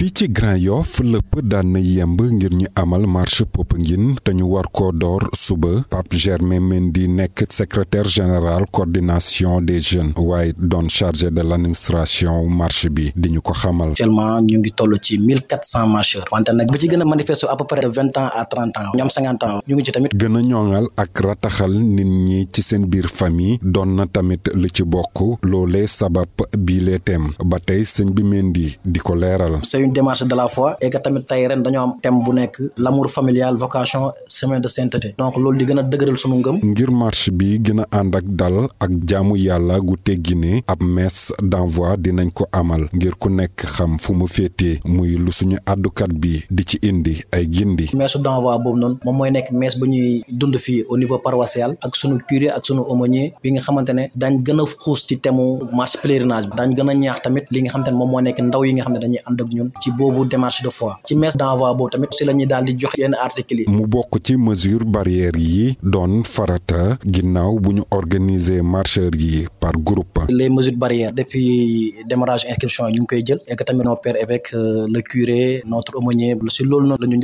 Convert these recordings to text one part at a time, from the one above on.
fii ci Grand Yoff lëpp daan na yemb ngir ñu amal marche Popenguine te ñu war koo door suba Pape Germain Mendy nekk secrétaire général coordination des jeunes waaye doon chargé de l' administration marche bi di ñu ko xamal. actuellement ñu ngi toll ci mille quatre cent marcheurs wante nag bi ci gën a manifester à peu près de vingt ans à trente ans ñoom cinquante ans ñu ngi ci tamit. gën ak rataxal nit ñi ci seen biir famille doon na tamit lu ci bokk loole sabab bii lee teem ba tey sëñ bi Mendy di ko leeral. une démarche de la fois et que tamit tey ren dañoo am thème bu nekk l'amour familial vocation chemin de sainteté donc loolu di gën a dëgëral sunu ngëm ngir marche bi gën ànd ak dal ak jaamu yàlla gu teggine ab messe d'envoi dinañ ko amal ngir ku nekk xam fu mu féetee muy lu suñu àddukat bi di ci indi ay gindi messe d'envoi boobu noon moom mooy nekk messe bu ñuy dund fii au niveau paroissial ak sunu curé ak sunu aumônier bi nga xamante ne dañ gën a xuus ci thème marche pèlerinage bi dañ gën a ñaax tamit nga xamante moom moo ndaw yi nga xam ne dañuy ànd ñun ci boobu démarche de foi ci messe d'envoi boobu tamit si la ñuy daal di jox yenn articles yi. mu bokk ci mesure barrière yi doon farata ginnaaw bu ñu organiser marcheurs yi par groupe. les mesures barrières depuis démarrage inscription yi ñu ngi koy jël et tamit euh,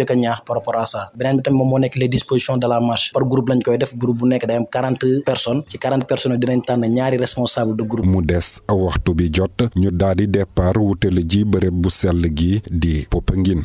a ñaax par rapport à ça beneen bi tamit moom moo nekk les dispositions de la marche par groupe lañ koy def groupe bu nekk day am quarante personnes ci personnes dinañ tànn ñaari responsable de groupe. mu des waxtu bi jot ñu daal di départ wutali ji bërëb bu sell gi di Popenguine